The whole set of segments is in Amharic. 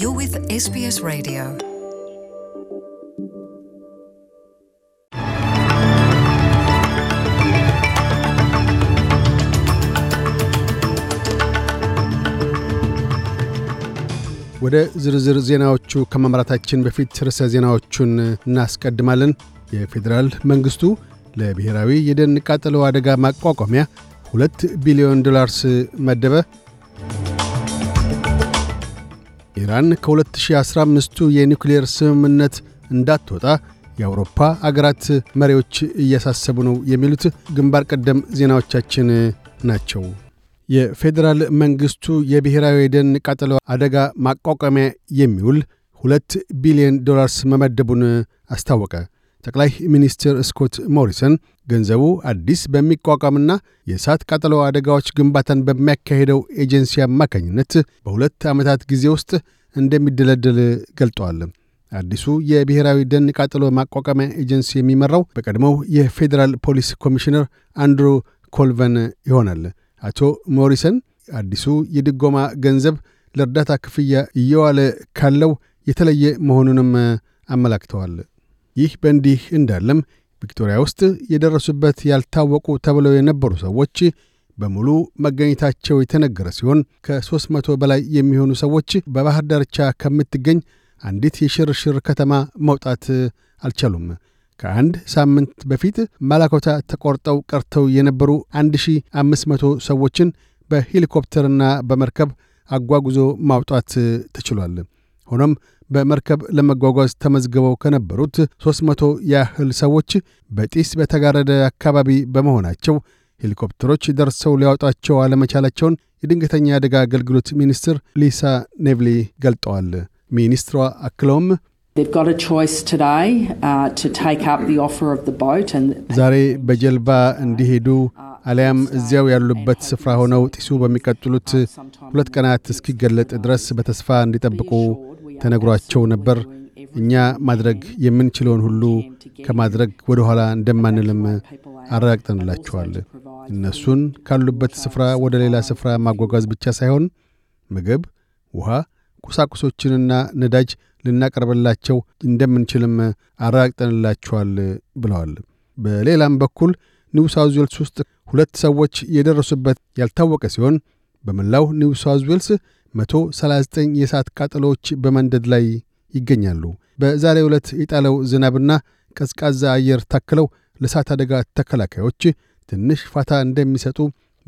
You're with SBS Radio. ወደ ዝርዝር ዜናዎቹ ከማምራታችን በፊት ርዕሰ ዜናዎቹን እናስቀድማለን። የፌዴራል መንግሥቱ ለብሔራዊ የደን ቃጠሎ አደጋ ማቋቋሚያ ሁለት ቢሊዮን ዶላርስ መደበ። ኢራን ከ2015ቱ የኒውክሌር ስምምነት እንዳትወጣ የአውሮፓ አገራት መሪዎች እያሳሰቡ ነው የሚሉት ግንባር ቀደም ዜናዎቻችን ናቸው። የፌዴራል መንግሥቱ የብሔራዊ ደን ቃጠሎ አደጋ ማቋቋሚያ የሚውል ሁለት ቢሊዮን ዶላርስ መመደቡን አስታወቀ። ጠቅላይ ሚኒስትር ስኮት ሞሪሰን ገንዘቡ አዲስ በሚቋቋምና የእሳት ቃጠሎ አደጋዎች ግንባታን በሚያካሄደው ኤጀንሲ አማካኝነት በሁለት ዓመታት ጊዜ ውስጥ እንደሚደለደል ገልጠዋል። አዲሱ የብሔራዊ ደን ቃጠሎ ማቋቋሚያ ኤጀንሲ የሚመራው በቀድሞው የፌዴራል ፖሊስ ኮሚሽነር አንድሩ ኮልቨን ይሆናል። አቶ ሞሪሰን አዲሱ የድጎማ ገንዘብ ለእርዳታ ክፍያ እየዋለ ካለው የተለየ መሆኑንም አመላክተዋል። ይህ በእንዲህ እንዳለም ቪክቶሪያ ውስጥ የደረሱበት ያልታወቁ ተብለው የነበሩ ሰዎች በሙሉ መገኘታቸው የተነገረ ሲሆን ከ300 በላይ የሚሆኑ ሰዎች በባህር ዳርቻ ከምትገኝ አንዲት የሽርሽር ከተማ መውጣት አልቻሉም። ከአንድ ሳምንት በፊት መላኮታ ተቆርጠው ቀርተው የነበሩ 1500 ሰዎችን በሄሊኮፕተርና በመርከብ አጓጉዞ ማውጣት ተችሏል። ሆኖም በመርከብ ለመጓጓዝ ተመዝግበው ከነበሩት 300 ያህል ሰዎች በጢስ በተጋረደ አካባቢ በመሆናቸው ሄሊኮፕተሮች ደርሰው ሊያወጣቸው አለመቻላቸውን የድንገተኛ አደጋ አገልግሎት ሚኒስትር ሊሳ ኔቭሊ ገልጠዋል። ሚኒስትሯ አክለውም uh, ዛሬ በጀልባ እንዲሄዱ አሊያም እዚያው ያሉበት ስፍራ ሆነው ጢሱ በሚቀጥሉት ሁለት ቀናት እስኪገለጥ ድረስ በተስፋ እንዲጠብቁ ተነግሯቸው ነበር። እኛ ማድረግ የምንችለውን ሁሉ ከማድረግ ወደ ኋላ እንደማንልም አረጋግጠንላቸዋል። እነሱን ካሉበት ስፍራ ወደ ሌላ ስፍራ ማጓጓዝ ብቻ ሳይሆን ምግብ፣ ውሃ፣ ቁሳቁሶችንና ነዳጅ ልናቀርብላቸው እንደምንችልም አረጋግጠንላቸዋል ብለዋል። በሌላም በኩል ኒው ሳውዝ ዌልስ ውስጥ ሁለት ሰዎች የደረሱበት ያልታወቀ ሲሆን በመላው ኒው ሳውዝ ዌልስ 139 የእሳት ቃጠሎዎች በመንደድ ላይ ይገኛሉ። በዛሬ ዕለት የጣለው ዝናብና ቀዝቃዛ አየር ታክለው ለእሳት አደጋ ተከላካዮች ትንሽ ፋታ እንደሚሰጡ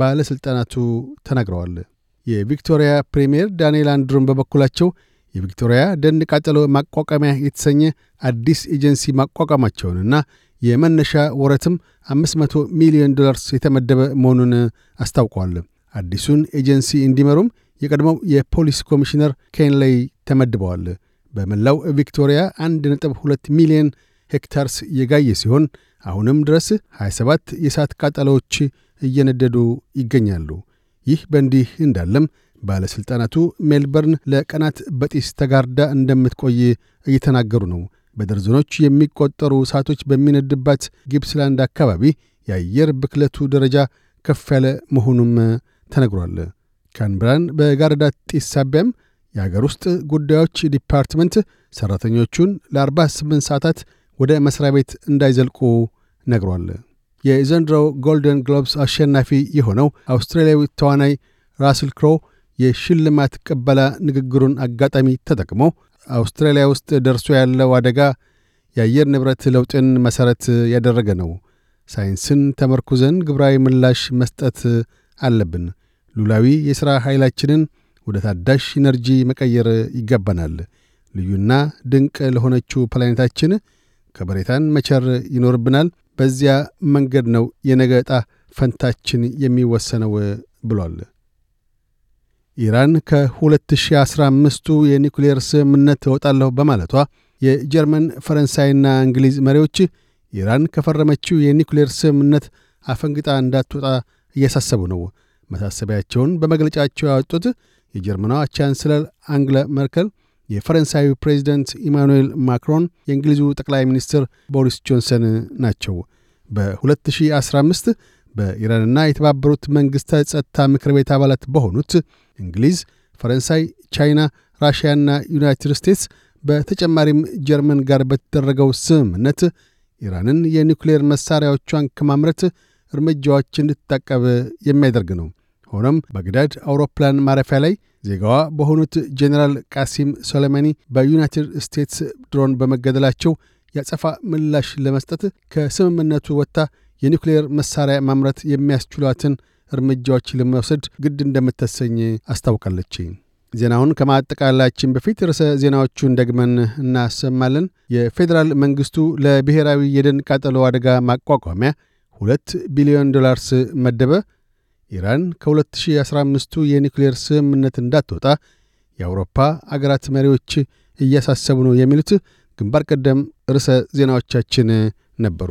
ባለሥልጣናቱ ተናግረዋል። የቪክቶሪያ ፕሬምየር ዳንኤል አንድሮም በበኩላቸው የቪክቶሪያ ደን ቃጠሎ ማቋቋሚያ የተሰኘ አዲስ ኤጀንሲ ማቋቋማቸውንና የመነሻ ወረትም 500 ሚሊዮን ዶላርስ የተመደበ መሆኑን አስታውቀዋል። አዲሱን ኤጀንሲ እንዲመሩም የቀድሞው የፖሊስ ኮሚሽነር ላይ ተመድበዋል። በመላው ቪክቶሪያ 1.2 ሚሊዮን ሄክታርስ የጋየ ሲሆን አሁንም ድረስ 27 የእሳት ቃጠሎዎች እየነደዱ ይገኛሉ። ይህ በእንዲህ እንዳለም ባለሥልጣናቱ ሜልበርን ለቀናት በጢስ ተጋርዳ እንደምትቆይ እየተናገሩ ነው። በደርዘኖች የሚቆጠሩ እሳቶች በሚነድባት ጊፕስላንድ አካባቢ የአየር ብክለቱ ደረጃ ከፍ ያለ መሆኑም ተነግሯል። ካንብራን በጋረዳ ጢስ ሳቢያም የአገር ውስጥ ጉዳዮች ዲፓርትመንት ሠራተኞቹን ለ48 ሰዓታት ወደ መሥሪያ ቤት እንዳይዘልቁ ነግሯል። የዘንድሮው ጎልደን ግሎብስ አሸናፊ የሆነው አውስትራሊያዊ ተዋናይ ራስል ክሮ የሽልማት ቅበላ ንግግሩን አጋጣሚ ተጠቅሞ አውስትራሊያ ውስጥ ደርሶ ያለው አደጋ የአየር ንብረት ለውጥን መሠረት ያደረገ ነው፣ ሳይንስን ተመርኩዘን ግብራዊ ምላሽ መስጠት አለብን ሉላዊ የሥራ ኃይላችንን ወደ ታዳሽ ኢነርጂ መቀየር ይገባናል። ልዩና ድንቅ ለሆነችው ፕላኔታችን ከበሬታን መቸር ይኖርብናል። በዚያ መንገድ ነው የነገ ዕጣ ፈንታችን የሚወሰነው ብሏል። ኢራን ከ2015ቱ የኒውክሌር ስምምነት እወጣለሁ በማለቷ የጀርመን ፈረንሳይና እንግሊዝ መሪዎች ኢራን ከፈረመችው የኒውክሌር ስምምነት አፈንግጣ እንዳትወጣ እያሳሰቡ ነው። መሳሰቢያቸውን በመግለጫቸው ያወጡት የጀርመናዋ ቻንስለር አንግለ መርከል፣ የፈረንሳዩ ፕሬዚደንት ኢማኑኤል ማክሮን፣ የእንግሊዙ ጠቅላይ ሚኒስትር ቦሪስ ጆንሰን ናቸው። በ2015 በኢራንና የተባበሩት መንግሥታት ጸጥታ ምክር ቤት አባላት በሆኑት እንግሊዝ፣ ፈረንሳይ፣ ቻይና፣ ራሽያና ዩናይትድ ስቴትስ በተጨማሪም ጀርመን ጋር በተደረገው ስምምነት ኢራንን የኒውክሌር መሣሪያዎቿን ከማምረት እርምጃዎች እንድትታቀብ የሚያደርግ ነው። ሆኖም ባግዳድ አውሮፕላን ማረፊያ ላይ ዜጋዋ በሆኑት ጄኔራል ቃሲም ሶሌማኒ በዩናይትድ ስቴትስ ድሮን በመገደላቸው ያጸፋ ምላሽ ለመስጠት ከስምምነቱ ወጥታ የኒውክሌር መሳሪያ ማምረት የሚያስችሏትን እርምጃዎች ለመውሰድ ግድ እንደምታሰኝ አስታውቃለች። ዜናውን ከማጠቃላችን በፊት ርዕሰ ዜናዎቹን ደግመን እናሰማለን። የፌዴራል መንግሥቱ ለብሔራዊ የደን ቃጠሎ አደጋ ማቋቋሚያ ሁለት ቢሊዮን ዶላርስ መደበ። ኢራን ከ2015ቱ የኒውክሌር ስምምነት እንዳትወጣ የአውሮፓ አገራት መሪዎች እያሳሰቡ ነው የሚሉት ግንባር ቀደም ርዕሰ ዜናዎቻችን ነበሩ።